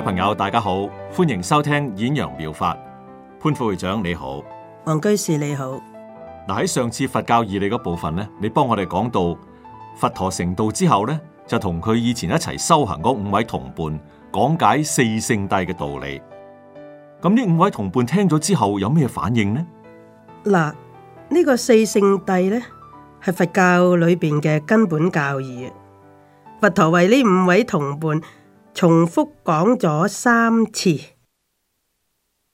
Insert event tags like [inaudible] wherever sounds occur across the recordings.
朋友，大家好，歡迎收聽《演揚妙法》。潘副會長你好，王居士你好。嗱，喺上次佛教義理嗰部分咧，你幫我哋講到佛陀成道之後咧，就同佢以前一齊修行嗰五位同伴講解四聖諦嘅道理。咁呢五位同伴聽咗之後有咩反應呢？嗱，呢個四聖諦咧係佛教裏邊嘅根本教義，佛陀為呢五位同伴。重複講咗三次，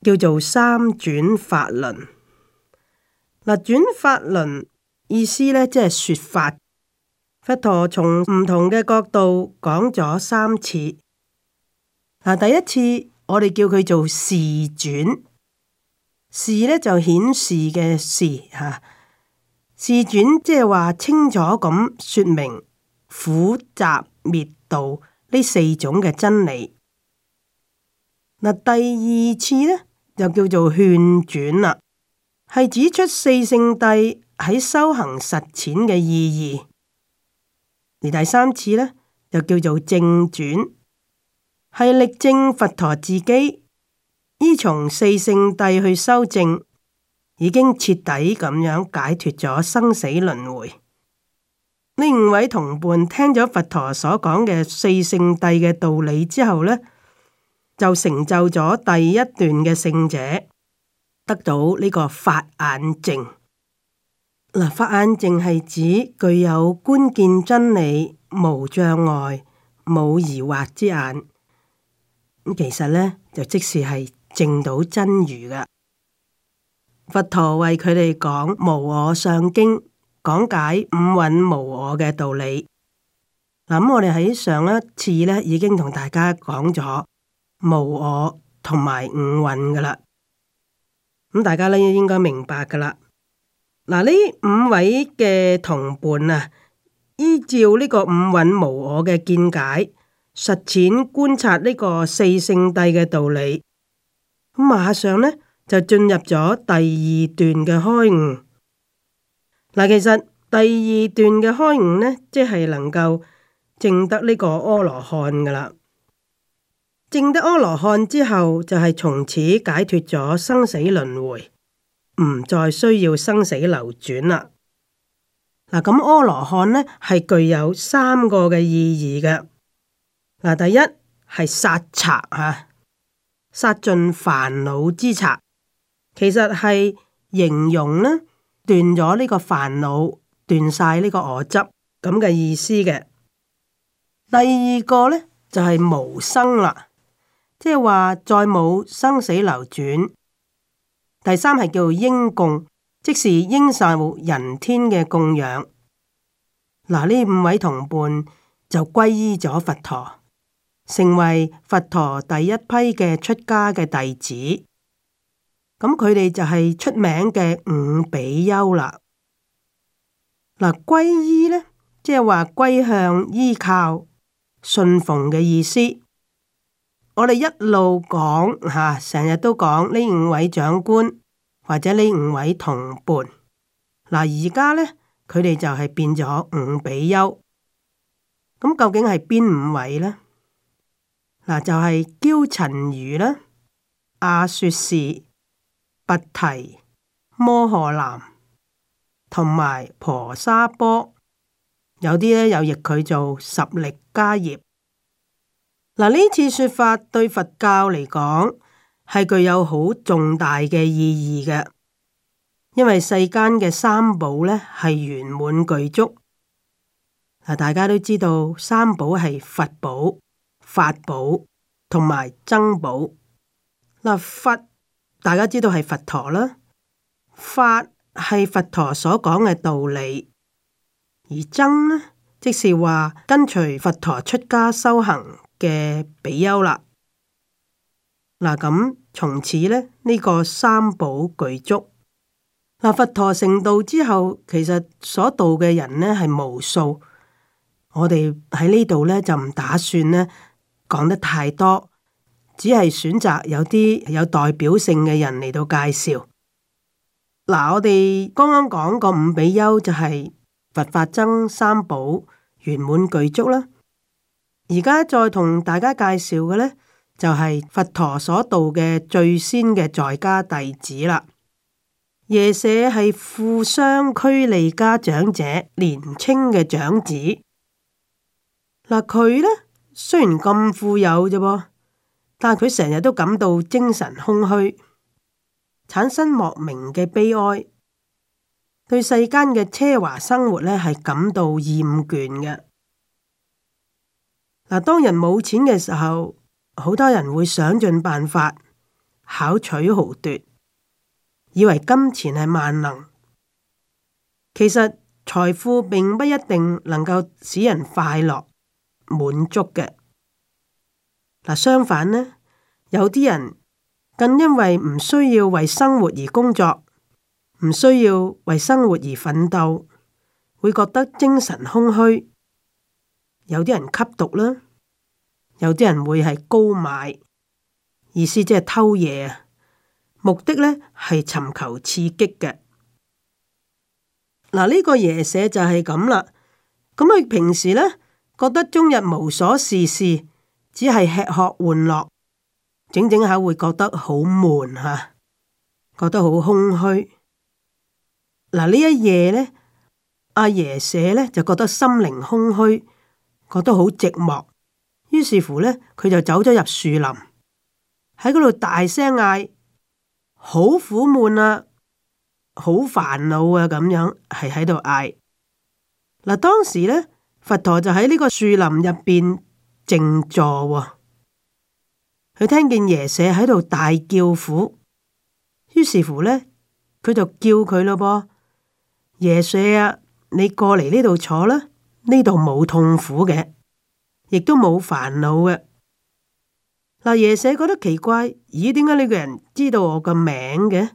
叫做三轉法輪。嗱、啊，轉法輪意思呢，即係說法，佛陀從唔同嘅角度講咗三次。嗱、啊，第一次我哋叫佢做示轉，示呢就顯示嘅示吓，示、啊、轉即係話清楚咁說明苦集滅道。呢四種嘅真理，嗱，第二次呢，就叫做勸轉啦，係指出四聖諦喺修行實踐嘅意義，而第三次呢，就叫做正轉，係力證佛陀自己依從四聖諦去修正，已經徹底咁樣解脫咗生死輪迴。呢五位同伴聽咗佛陀所講嘅四聖諦嘅道理之後呢，就成就咗第一段嘅聖者，得到呢個法眼淨。嗱，法眼淨係指具有觀見真理、無障礙、冇疑惑之眼。咁其實呢，就即時係證到真如噶。佛陀為佢哋講無我相經。講解五蘊無我嘅道理咁、嗯、我哋喺上一次咧已經同大家講咗無我同埋五蘊噶啦，咁、嗯、大家咧應該明白噶啦。嗱、嗯，呢五位嘅同伴啊，依照呢個五蘊無我嘅見解實踐觀察呢個四聖諦嘅道理，咁馬上呢就進入咗第二段嘅開悟。嗱，其實第二段嘅開悟呢，即係能夠證得呢個阿羅漢噶啦。證得阿羅漢之後，就係、是、從此解脱咗生死輪迴，唔再需要生死流轉啦。嗱、啊，咁阿羅漢呢，係具有三個嘅意義嘅。嗱、啊，第一係殺賊吓，殺盡煩惱之賊，其實係形容呢。斷咗呢個煩惱，斷晒呢個我執，咁嘅意思嘅。第二個呢，就係、是、無生啦，即係話再冇生死流轉。第三係叫應供，即是應受人天嘅供養。嗱，呢五位同伴就皈依咗佛陀，成為佛陀第一批嘅出家嘅弟子。咁佢哋就係出名嘅五比丘啦。嗱、呃，皈依呢，即係話皈向依靠、信奉嘅意思。我哋一路講吓，成、啊、日都講呢五位長官或者呢五位同伴。嗱、呃，而家呢，佢哋就係變咗五比丘。咁、呃、究竟係邊五位呢？嗱、呃，就係憍陳如啦、阿說示。拔提摩訶南同埋婆沙波，有啲咧有譯佢做十力迦葉。嗱、啊、呢次說法對佛教嚟講係具有好重大嘅意義嘅，因為世間嘅三寶呢係圓滿具足。嗱、啊，大家都知道三寶係佛寶、法寶同埋僧寶。嗱、啊，佛。大家知道係佛陀啦，法係佛陀所講嘅道理，而僧呢，即是話跟隨佛陀出家修行嘅比丘喇。嗱咁，從此呢，呢個三寶具足。嗱，佛陀成道之後，其實所度嘅人呢係無數，我哋喺呢度呢，就唔打算呢講得太多。只係選擇有啲有代表性嘅人嚟到介紹。嗱、啊，我哋剛剛講個五比丘就係佛法僧三寶圓滿具足啦。而家再同大家介紹嘅呢，就係、是、佛陀所度嘅最先嘅在家弟子啦。耶舍係富商俱梨迦長者年青嘅長子。嗱、啊，佢呢，雖然咁富有啫噃。但佢成日都感到精神空虛，產生莫名嘅悲哀，對世間嘅奢華生活呢，係感到厭倦嘅。嗱，當人冇錢嘅時候，好多人會想盡辦法巧取豪奪，以為金錢係萬能。其實財富並不一定能夠使人快樂滿足嘅。嗱，相反呢，有啲人更因為唔需要為生活而工作，唔需要為生活而奮鬥，會覺得精神空虛。有啲人吸毒啦，有啲人會係高買，意思即係偷嘢啊！目的呢係尋求刺激嘅。嗱、這個，呢個耶舍就係咁啦。咁佢平時呢，覺得終日無所事事。只係吃喝玩樂，整整下會覺得好悶吓、啊，覺得好空虛。嗱，呢一夜呢，阿耶舍呢就覺得心靈空虛，覺得好寂寞。於是乎呢，佢就走咗入樹林，喺嗰度大聲嗌：好苦悶啊，好煩惱啊！咁樣係喺度嗌。嗱，當時呢，佛陀就喺呢個樹林入邊。靜坐喎、哦，佢聽見耶舍喺度大叫苦，於是乎呢，佢就叫佢咯，噃耶舍啊，你過嚟呢度坐啦，呢度冇痛苦嘅，亦都冇煩惱嘅。嗱，耶舍覺得奇怪，咦，點解呢個人知道我個名嘅？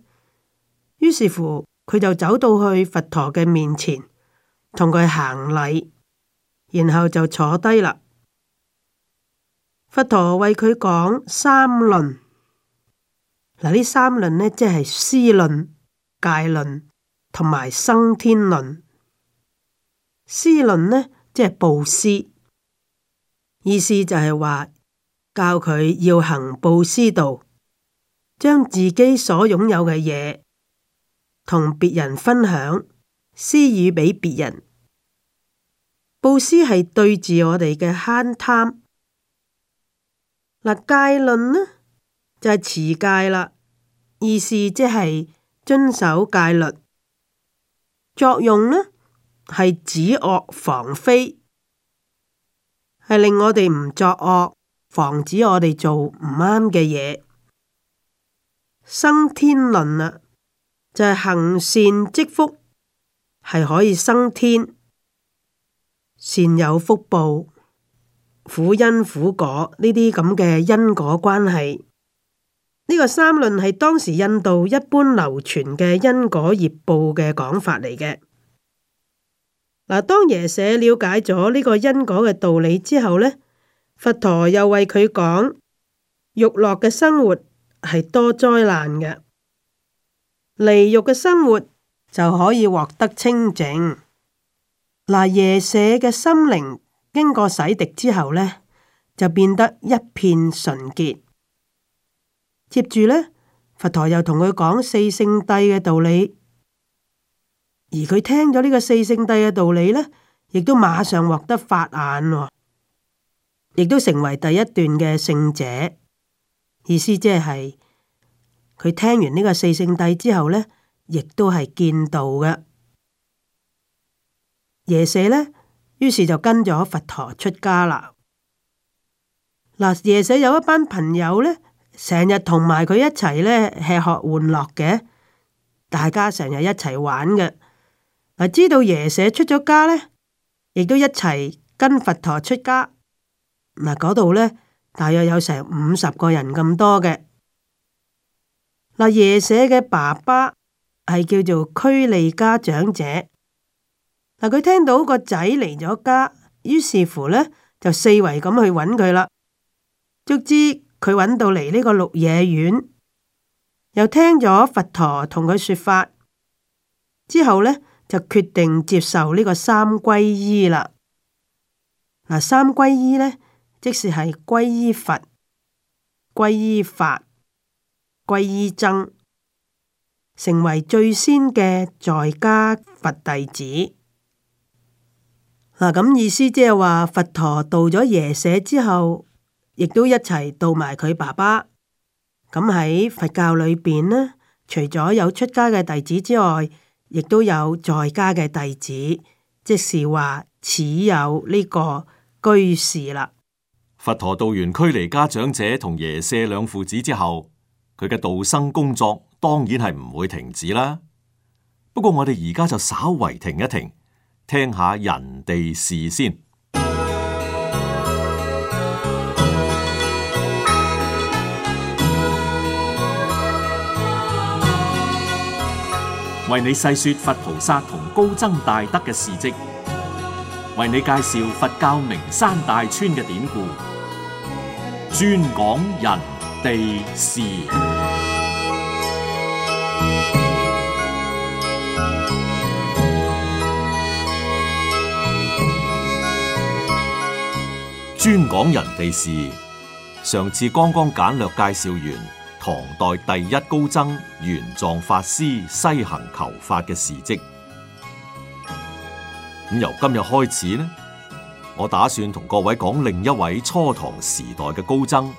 於是乎，佢就走到去佛陀嘅面前，同佢行禮，然後就坐低啦。佛陀為佢講三論，嗱呢三論呢，即係施論、戒論同埋生天論。施論呢，即係布施，意思就係話教佢要行布施道，將自己所擁有嘅嘢，同別人分享，施與俾別人。布施係對住我哋嘅慳貪。嗱戒論呢，就係、是、持戒啦，意思即係遵守戒律，作用呢係止惡防非，係令我哋唔作惡，防止我哋做唔啱嘅嘢。生天論啦，就係、是、行善積福，係可以生天，善有福報。苦因苦果呢啲咁嘅因果關係，呢個三論係當時印度一般流傳嘅因果業報嘅講法嚟嘅。嗱，當耶舍了解咗呢個因果嘅道理之後呢，佛陀又為佢講，欲樂嘅生活係多災難嘅，離欲嘅生活就可以獲得清淨。嗱，耶舍嘅心靈。經過洗滌之後呢，就變得一片純潔。接住呢，佛陀又同佢講四聖諦嘅道理，而佢聽咗呢個四聖諦嘅道理呢，亦都馬上獲得法眼，哦，亦都成為第一段嘅聖者。意思即係佢聽完呢個四聖諦之後呢，亦都係見到嘅耶舍呢。於是就跟咗佛陀出家啦。嗱，耶舍有一班朋友呢，成日同埋佢一齊呢，吃喝玩樂嘅，大家成日一齊玩嘅。嗱，知道耶舍出咗家呢，亦都一齊跟佛陀出家。嗱，嗰度呢，大約有成五十個人咁多嘅。嗱，耶舍嘅爸爸係叫做俱梨迦長者。嗱，佢聽到個仔離咗家，於是乎呢，就四圍咁去揾佢啦，卒之，佢揾到嚟呢個鹿野苑，又聽咗佛陀同佢説法之後呢，就決定接受呢個三皈依啦。嗱，三皈依呢，即是係皈依佛、皈依法、皈依僧，成為最先嘅在家佛弟子。嗱咁、啊、意思，即係話佛陀度咗耶舍之後，亦都一齊度埋佢爸爸。咁、嗯、喺佛教裏邊呢，除咗有出家嘅弟子之外，亦都有在家嘅弟子，即是話持有呢個居士啦。佛陀度完俱梨迦長者同耶舍兩父子之後，佢嘅度生工作當然係唔會停止啦。不過我哋而家就稍為停一停。聽下人哋事先，為你細說佛菩薩同高僧大德嘅事跡，為你介紹佛教名山大川嘅典故，專講人哋事。專講人地事，上次剛剛簡略介紹完唐代第一高僧玄奘法師西行求法嘅事跡。由今日開始呢，我打算同各位講另一位初唐時代嘅高僧，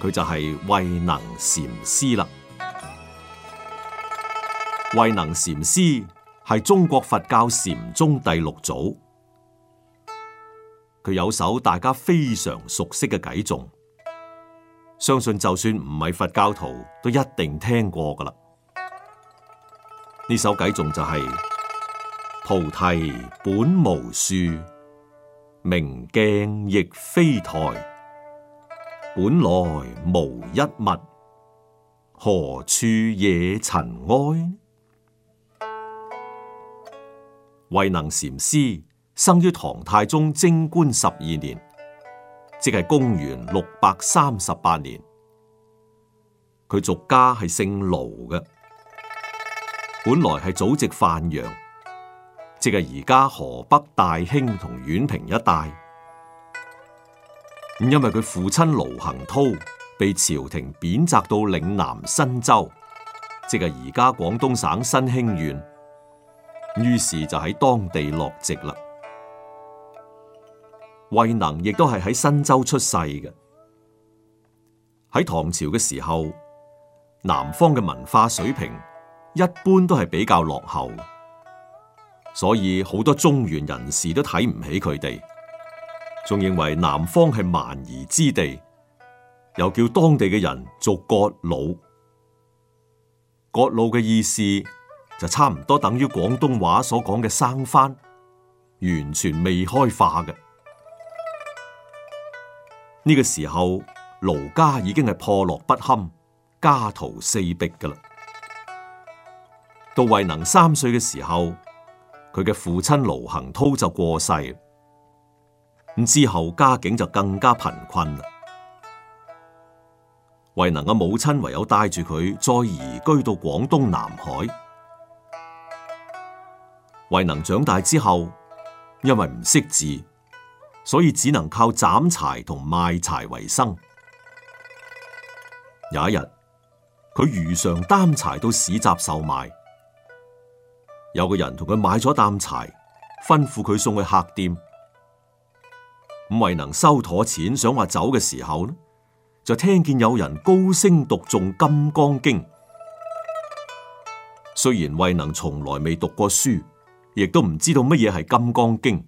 佢就係慧能禪師啦。慧能禪師係中國佛教禪宗第六祖。佢有首大家非常熟悉嘅偈頌，相信就算唔係佛教徒，都一定聽過嘅啦。呢首偈頌就係、是：菩提本無樹，明鏡亦非台，本來無一物，何處惹塵埃？慧能禪師。生於唐太宗貞觀十二年，即係公元六百三十八年。佢族家係姓盧嘅，本來係祖籍范陽，即係而家河北大興同宛平一帶。咁因為佢父親盧行瑫被朝廷貶責到嶺南新州，即係而家廣東省新興縣，於是就喺當地落籍啦。慧能亦都係喺新州出世嘅。喺唐朝嘅時候，南方嘅文化水平一般都係比較落後，所以好多中原人士都睇唔起佢哋，仲認為南方係蠻夷之地，又叫當地嘅人做割老“割佬”。割佬嘅意思就差唔多等於廣東話所講嘅生番，完全未開化嘅。呢個時候，盧家已經係破落不堪、家徒四壁噶啦。到慧能三歲嘅時候，佢嘅父親盧恆濤就過世了，咁之後家境就更加貧困啦。慧能嘅母親唯有帶住佢再移居到廣東南海。慧能長大之後，因為唔識字。所以只能靠斬柴同賣柴為生。有一日，佢如常擔柴到市集售賣，有個人同佢買咗擔柴，吩咐佢送去客店。慧能收妥錢，想話走嘅時候呢，就聽見有人高聲讀誦《金剛經》。雖然慧能從來未讀過書，亦都唔知道乜嘢係《金剛經》。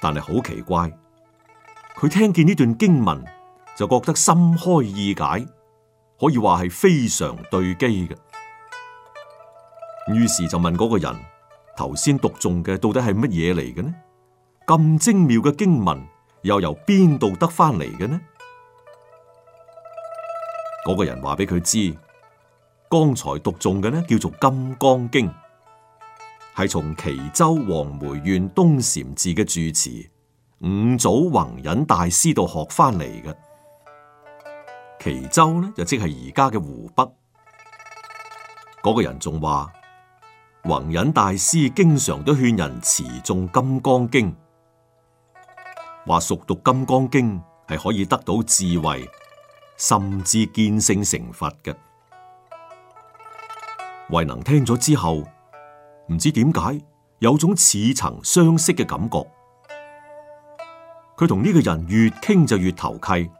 但係好奇怪，佢聽見呢段經文就覺得心開意解，可以話係非常對機嘅。於是就問嗰個人：頭先讀誦嘅到底係乜嘢嚟嘅呢？咁精妙嘅經文又由邊度得翻嚟嘅呢？嗰個人話俾佢知，剛才讀誦嘅呢叫做《金剛經》。係從蘄州黃梅縣東禪寺嘅住持五祖弘忍大師度學翻嚟嘅。蘄州咧就即係而家嘅湖北。嗰、那個人仲話，弘忍大師經常都勸人持誦金剛經，話熟讀金剛經係可以得到智慧，甚至見性成佛嘅。慧能聽咗之後。唔知點解，有種似曾相識嘅感覺。佢同呢個人越傾就越投契，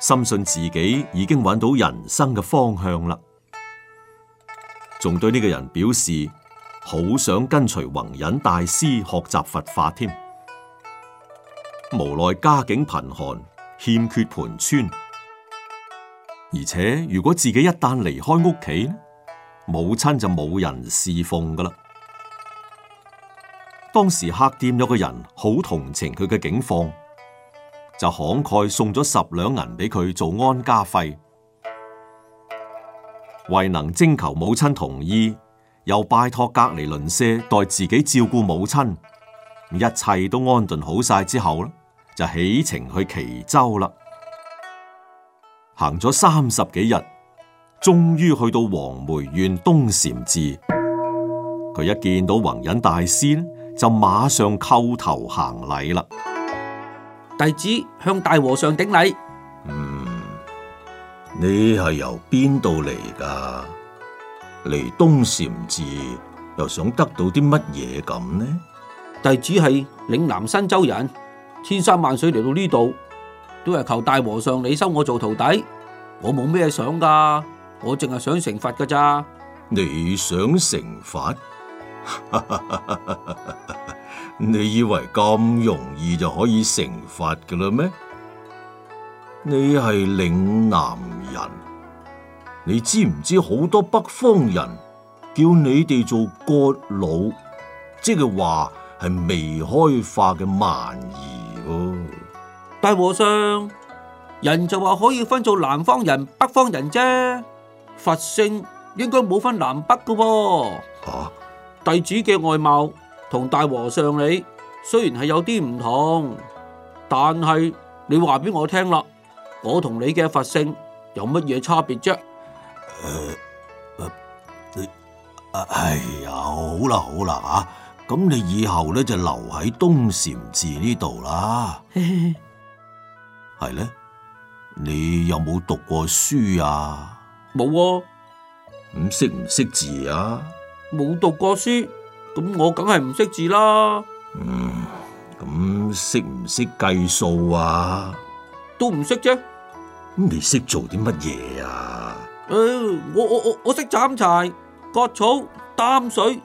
深信自己已經揾到人生嘅方向啦。仲對呢個人表示好想跟隨弘忍大師學習佛法添。無奈家境貧寒，欠缺盤纏。而且如果自己一旦離開屋企，母親就冇人侍奉噶啦。當時客店有個人好同情佢嘅境況，就慷慨送咗十兩銀俾佢做安家費。為能徵求母親同意，又拜託隔籬鄰舍代自己照顧母親。一切都安頓好晒之後啦，就起程去蘄州啦。行咗三十幾日。終於去到黃梅縣東禪寺，佢一見到弘忍大仙，就馬上叩頭行禮啦。弟子向大和尚頂禮。嗯，你係由邊度嚟噶？嚟東禪寺又想得到啲乜嘢咁呢？弟子係嶺南新州人，千山萬水嚟到呢度，都係求大和尚你收我做徒弟。我冇咩想噶。.我淨係想成佛噶咋？你想成佛？ [laughs] 你以為咁容易就可以成佛噶啦咩？你係嶺南人，你知唔知好多北方人叫你哋做割佬，即係話係未開化嘅蠻夷，啊？大和尚，人就話可以分做南方人、北方人啫。佛性應該冇分南北㗎噃。啊、弟子嘅外貌同大和尚你雖然係有啲唔同，但係你話俾我聽啦，我同你嘅佛性有乜嘢差別啫？誒、呃呃、你啊呀、呃，好啦好啦吓，咁你以後咧就留喺東禪寺呢度啦。係咧， [laughs] 你有冇讀過書啊？冇，唔識唔識字啊！冇讀過書，咁我梗係唔識字啦。嗯，咁識唔識計數啊？都唔識啫。咁你識做啲乜嘢啊？誒、呃，我我我我,我識斬柴、割草、擔水、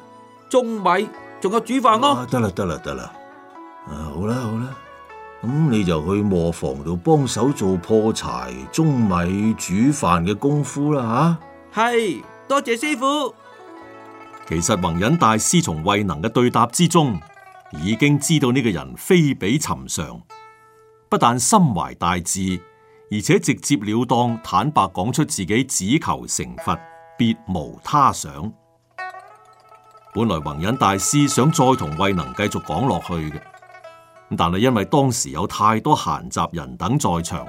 種米，仲有煮飯咯、啊。得啦得啦得啦，啊好啦好啦。咁、嗯、你就去磨房度幫手做破柴、舂米、煮飯嘅功夫啦，吓、啊、係多謝師傅。其實弘忍大師從慧能嘅對答之中，已經知道呢個人非比尋常，不但心懷大志，而且直截了當、坦白講出自己只求成佛，別無他想。本來弘忍大師想再同慧能繼續講落去嘅。但係因為當時有太多閒雜人等在場，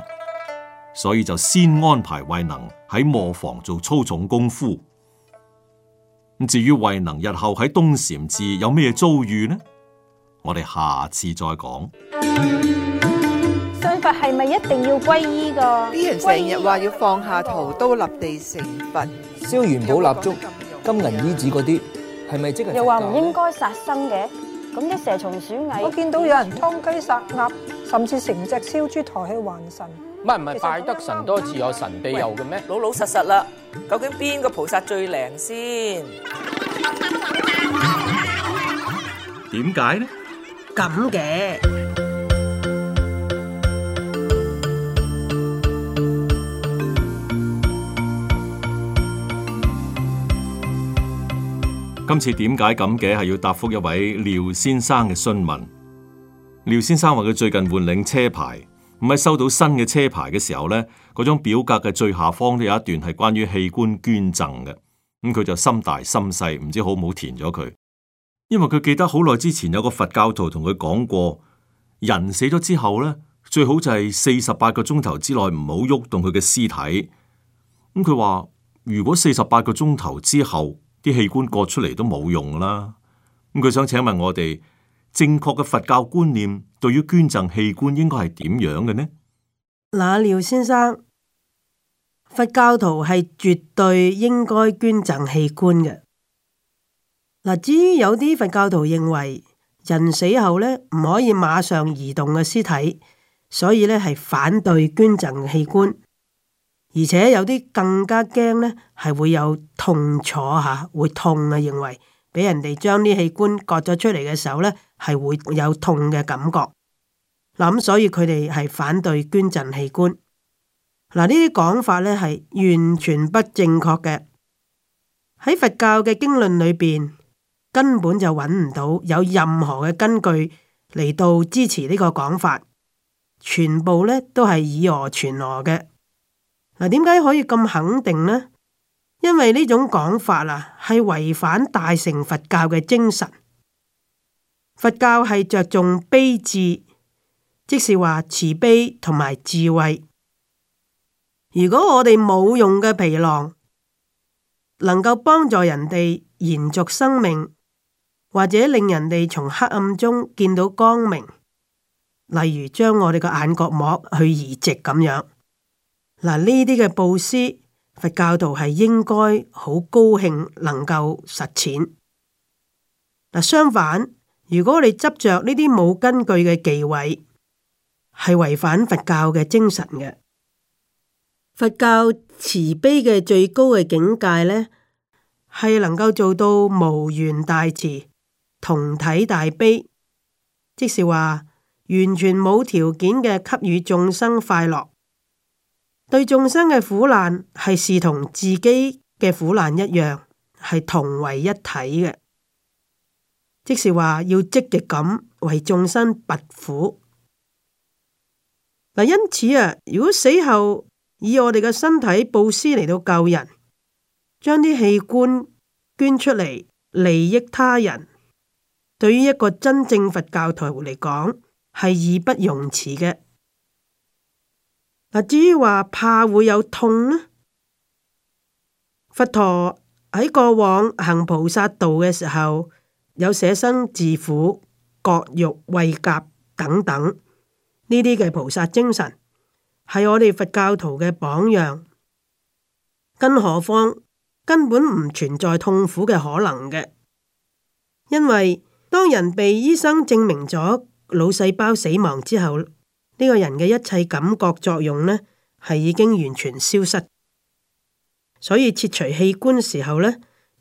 所以就先安排慧能喺磨房做粗重功夫。咁至於慧能日後喺東禪寺有咩遭遇呢？我哋下次再講。信佛係咪一定要皈依噶？呢人成日話要放下屠刀立地成佛，燒元寶蠟燭、金銀衣紙嗰啲，係咪、嗯、即係又話唔應該殺生嘅？咁啲蛇蟲鼠蟻，我見到有人劏雞殺鴨，甚至成隻燒豬抬起還神。唔係唔係，拜得神多自有神庇佑嘅咩？老老實實啦，究竟邊個菩薩最靈先？點解呢？咁嘅。今次點解咁嘅，係要答覆一位廖先生嘅詢問。廖先生話佢最近換領車牌，唔係收到新嘅車牌嘅時候呢，嗰張表格嘅最下方都有一段係關於器官捐贈嘅。咁、嗯、佢就心大心細，唔知好唔好填咗佢。因為佢記得好耐之前有個佛教徒同佢講過，人死咗之後呢，最好就係四十八個鐘頭之內唔好喐動佢嘅屍體。咁佢話如果四十八個鐘頭之後，啲器官割出嚟都冇用啦。咁佢想請問我哋正確嘅佛教觀念，對於捐贈器官應該係點樣嘅呢？嗱，廖先生，佛教徒係絕對應該捐贈器官嘅。嗱，至於有啲佛教徒認為人死後咧唔可以馬上移動嘅屍體，所以咧係反對捐贈器官。而且有啲更加驚呢，係會有痛楚吓，會痛啊！認為俾人哋將啲器官割咗出嚟嘅時候咧，係會有痛嘅感覺。嗱，咁所以佢哋係反對捐贈器官。嗱，呢啲講法呢係完全不正確嘅。喺佛教嘅經論裏邊，根本就揾唔到有任何嘅根據嚟到支持呢個講法，全部呢都係以訛傳訛嘅。嗱，點解可以咁肯定呢？因為呢種講法啦，啊，係違反大乘佛教嘅精神。佛教係着重悲智，即是話慈悲同埋智慧。如果我哋冇用嘅皮囊，能夠幫助人哋延續生命，或者令人哋從黑暗中見到光明，例如將我哋個眼角膜去移植咁樣。嗱，呢啲嘅布施，佛教徒係應該好高興能夠實踐。嗱，相反，如果你哋執著呢啲冇根據嘅忌諱，係違反佛教嘅精神嘅。佛教慈悲嘅最高嘅境界呢，係能夠做到無緣大慈，同體大悲，即是話完全冇條件嘅給予眾生快樂。對眾生嘅苦難係視同自己嘅苦難一樣，係同為一體嘅，即是話要積極咁為眾生拔苦。嗱，因此啊，如果死後以我哋嘅身體布施嚟到救人，將啲器官捐出嚟利益他人，對於一個真正佛教徒嚟講，係義不容辭嘅。至於話怕會有痛呢？佛陀喺過往行菩薩道嘅時候，有捨身、自苦、割肉、餵鴿等等，呢啲嘅菩薩精神，係我哋佛教徒嘅榜樣。更何況根本唔存在痛苦嘅可能嘅，因為當人被醫生證明咗腦細胞死亡之後，呢個人嘅一切感覺作用呢，係已經完全消失，所以切除器官嘅時候呢，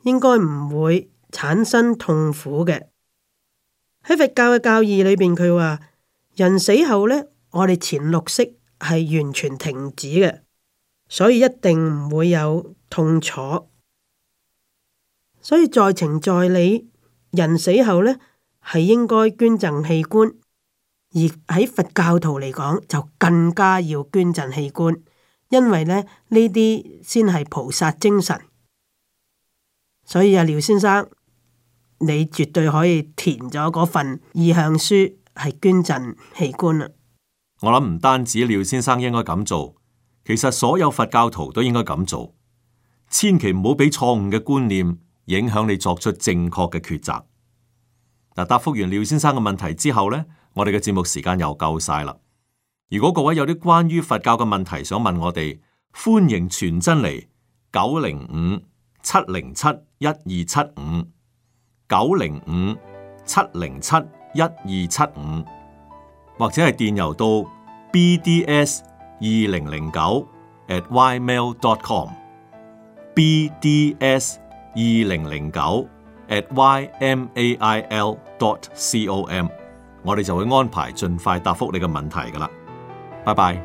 應該唔會產生痛苦嘅。喺佛教嘅教義裏邊，佢話人死後呢，我哋前六識係完全停止嘅，所以一定唔會有痛楚。所以在情在理，人死後呢，係應該捐贈器官。而喺佛教徒嚟講，就更加要捐贈器官，因為呢，呢啲先係菩薩精神。所以啊，廖先生，你絕對可以填咗嗰份意向書，係捐贈器官啦。我諗唔單止廖先生應該咁做，其實所有佛教徒都應該咁做，千祈唔好俾錯誤嘅觀念影響你作出正確嘅抉擇。嗱，答覆完廖先生嘅問題之後呢。我哋嘅節目時間又夠晒啦！如果各位有啲關於佛教嘅問題想問我哋，歡迎傳真嚟九零五七零七一二七五九零五七零七一二七五，75, 75, 或者係電郵到 bds 二零零九 at ymail.com bds 二零零九 at ymail.com 我哋就會安排盡快答覆你嘅問題㗎喇，拜拜。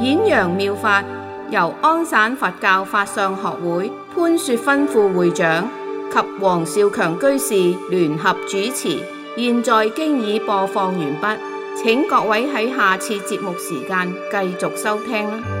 演揚妙法由安省佛教法相學會潘雪芬副會長及黃少強居士聯合主持，現在經已播放完畢，請各位喺下次節目時間繼續收聽。